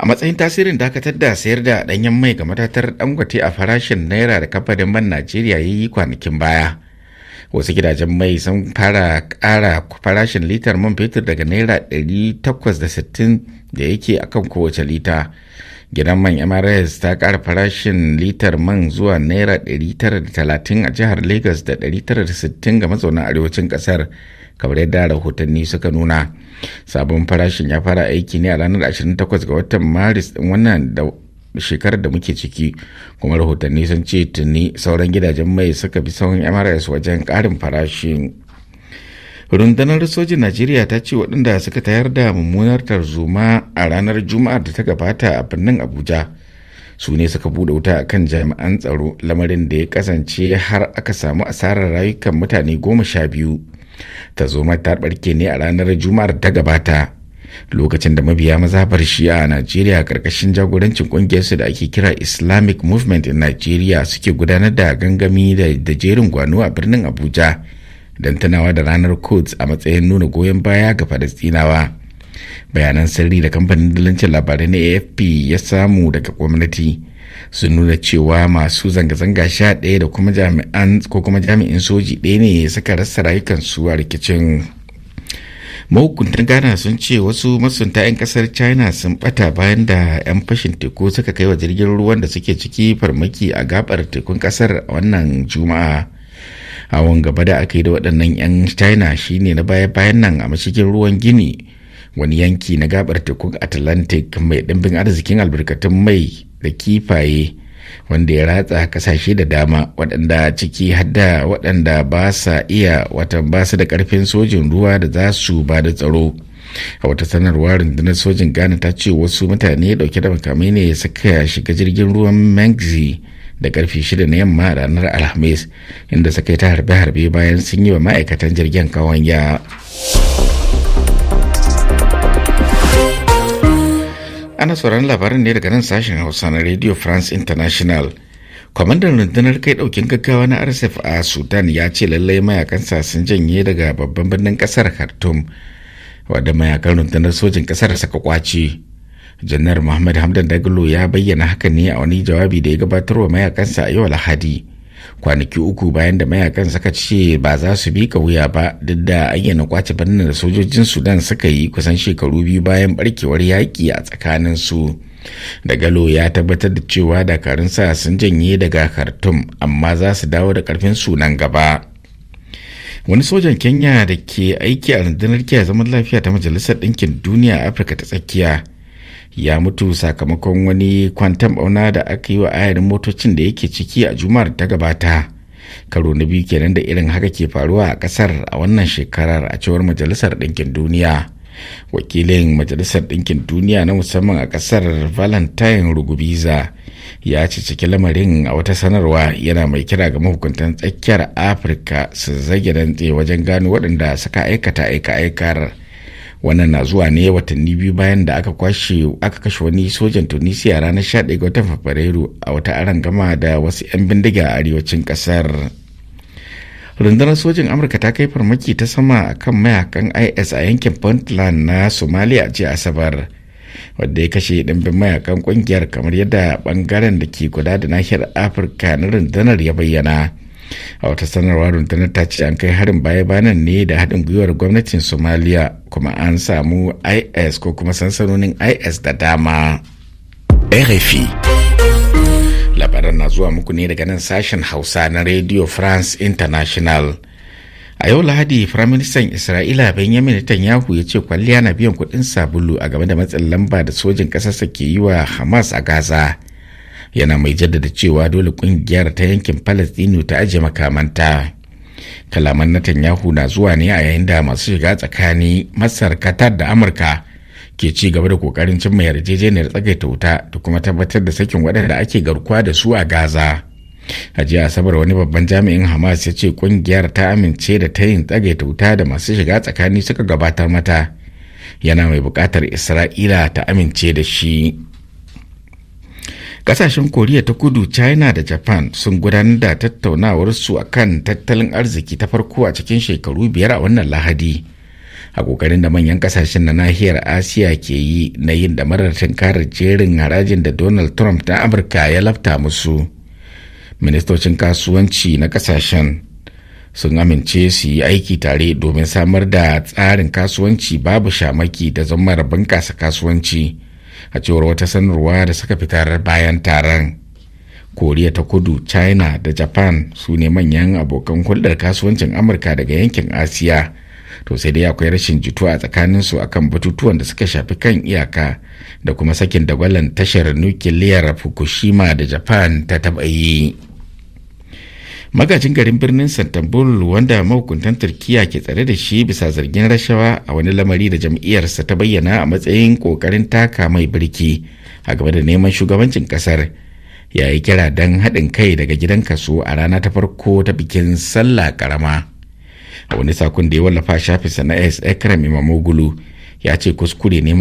a matsayin tasirin dakatar da sayar da ɗanyen mai ga matatar dangote a farashin naira da kamfanin man najeriya ya yi kwanakin baya wasu gidajen mai sun fara kara farashin litar man fetur daga naira 860 da yake akan kowace lita gidan man mrs ta kara farashin litar man zuwa naira 930 a jihar lagos da 960 ga mazaunan arewacin kasar kamar yadda rahotanni suka nuna sabon farashin ya fara aiki ne a ranar 28 ga watan maris din wannan da shekarar da muke ciki kuma rahotanni sun ce tuni sauran gidajen mai suka bi sauran mrs wajen karin farashin rundunar sojin najeriya ta ce waɗanda suka tayar da mummunar tarzoma a ranar juma'ar da ta gabata a birnin abuja su ne suka buɗe wuta a kan jami'an tsaro lamarin da ya kasance har aka samu asarar rayukan mutane goma sha biyu ta zoma ta ɓarke ne a ranar juma'ar ta gabata lokacin da mabiya mazabar shi'a a najeriya karkashin jagorancin kungiyarsu da ake kira islamic movement in nigeria suke gudanar da gangami da jerin gwano a birnin abuja don tunawa da ranar codes a matsayin nuna goyon baya ga Falastinawa. Bayanan sirri da kamfanin dalancin labarai na AFP ya samu daga gwamnati sun nuna cewa masu zanga-zanga sha ɗaya da kuma jami'an ko kuma jami'in soji ɗaya ne suka rasa su a rikicin. mahukuntan ghana sun ce wasu masunta 'yan kasar china sun bata bayan da 'yan fashin teku suka kai wa jirgin ruwan da suke ciki farmaki a gabar tekun kasar wannan juma'a hawan gaba da aka yi da waɗannan 'yan china shine na baya-bayan nan a mashigin ruwan gini wani yanki na gabar tekun atlantic mai ɗimbin arzikin albarkatun mai da kifaye wanda ya ratsa kasashe da dama waɗanda ciki hadda waɗanda ba sa iya watan ba su da ƙarfin sojin ruwa da za su ba da tsaro a wata sanarwa rundunar sojin ghana ta ce wasu mutane dauke da makamai ne suka shiga jirgin ruwan mengzi da karfe shida na yamma ranar alhamis inda suka yi ta harbe-harbe bayan sun yi wa ma'aikatan jirgin kawanya ana sauran labarin ne daga nan sashen hausa na radio france international kwamandan rundunar kai daukin gaggawa na rsf a sudan ya ce lallai mayakansa sun janye daga babban birnin kasar khartoum wadda mayakan rundunar sojin kasar suka kwace janar muhammad hamdan dagalo ya bayyana haka ne a wani jawabi da ya gabatar wa mayakansa a yau lahadi kwanaki uku bayan da mayakan suka ce ba za su bi ka wuya ba duk da ayyana kwace birnin da sojojin sudan suka yi kusan shekaru biyu bayan barkewar yaƙi a tsakanin su da galo ya tabbatar da cewa dakarun sa sun janye daga khartoum amma za su dawo da karfin sunan gaba wani sojan kenya da ke aiki a rundunar kiyaye zaman lafiya ta majalisar ɗinkin duniya a afirka ta tsakiya ya mutu sakamakon wani kwantan bauna da aka yi wa ayarin motocin da yake ciki a juma'ar ta gabata karo na biyu kenan da irin haka ke faruwa a kasar a wannan shekarar a cewar majalisar ɗinkin duniya wakilin majalisar ɗinkin duniya na musamman a kasar valentine rugubiza ya ce ciki lamarin a wata sanarwa yana mai kira ga mahukuntan tsakiyar afirka su zage dantse wajen gano waɗanda suka aikata aika-aikar aika aikar wannan na zuwa ne watanni biyu bayan da aka kwashe aka kashe wani sojan tunisia ranar 11 ga watan fabrairu a wata gama da wasu 'yan bindiga a arewacin kasar rundunar sojin amurka ta kai farmaki ta sama kan mayakan is a yankin puntland na somalia a jiya asabar wadda ya kashe dimbin mayakan kungiyar kamar yadda bangaren da ke guda da nahiyar afirka na rundunar ya bayyana a wata sanarwa rundunar ta ce an kai harin baya banan ne da haɗin gwiwar gwamnatin somaliya kuma an samu is ko kuma sansanonin is da dama rfi labaran na zuwa muku ne daga nan sashen hausa na radio france international a yau lahadi firaministan isra'ila benjamin netanyahu ya ce kwalliya na biyan kuɗin sabulu a game da matsin lamba da sojin ƙasarsa ke yi wa hamas a gaza yana mai jaddada cewa dole kungiyar ta yankin palestino ta ajiye makamanta kalaman netanyahu na zuwa ne a yayin da masu shiga tsakani masar qatar da amurka ke ci gaba da kokarin cimma yarjejeniyar tsagaita wuta da kuma tabbatar da sakin waɗanda ake garkuwa da su a gaza a jiya asabar wani babban jami'in hamas ya ce kungiyar ta amince da ta yin tsagaita wuta da masu shiga tsakani suka gabatar mata yana mai buƙatar isra'ila ta amince da shi Kasashen Koriya ta kudu, China da Japan sun gudanar da tattaunawarsu a kan tattalin arziki ta farko a cikin shekaru biyar a wannan lahadi. A kokarin da manyan kasashen na nahiyar Asiya ke yi na yin da marar karar jerin harajin da Donald Trump ta Amurka ya lafta musu. Ministocin kasuwanci na kasashen sun amince su yi aiki tare domin samar da tsarin kasuwanci babu shamaki da zammar bunƙasa kasuwanci. a cewar wata sanarwa da suka fitar bayan taron koriya ta kudu china da japan su ne manyan abokan hulɗar kasuwancin amurka daga yankin asiya to sai dai akwai rashin jituwa a su akan batutuwan da suka shafi kan iyaka da kuma sakin dagwalon tashar nukiliyar fukushima da japan ta taɓa yi magajin garin birnin santambul wanda mahukuntan turkiya ke tsare da shi bisa zargin rashawa a wani lamari da jam'iyyarsa ta bayyana a matsayin kokarin taka mai birki a game da neman shugabancin kasar ya yi kira don haɗin kai daga gidan kaso a rana ta farko ta bikin sallah karama a wani sakon da ya wallafa shafinsa na s ekram mugulu- ya ce kuskure ne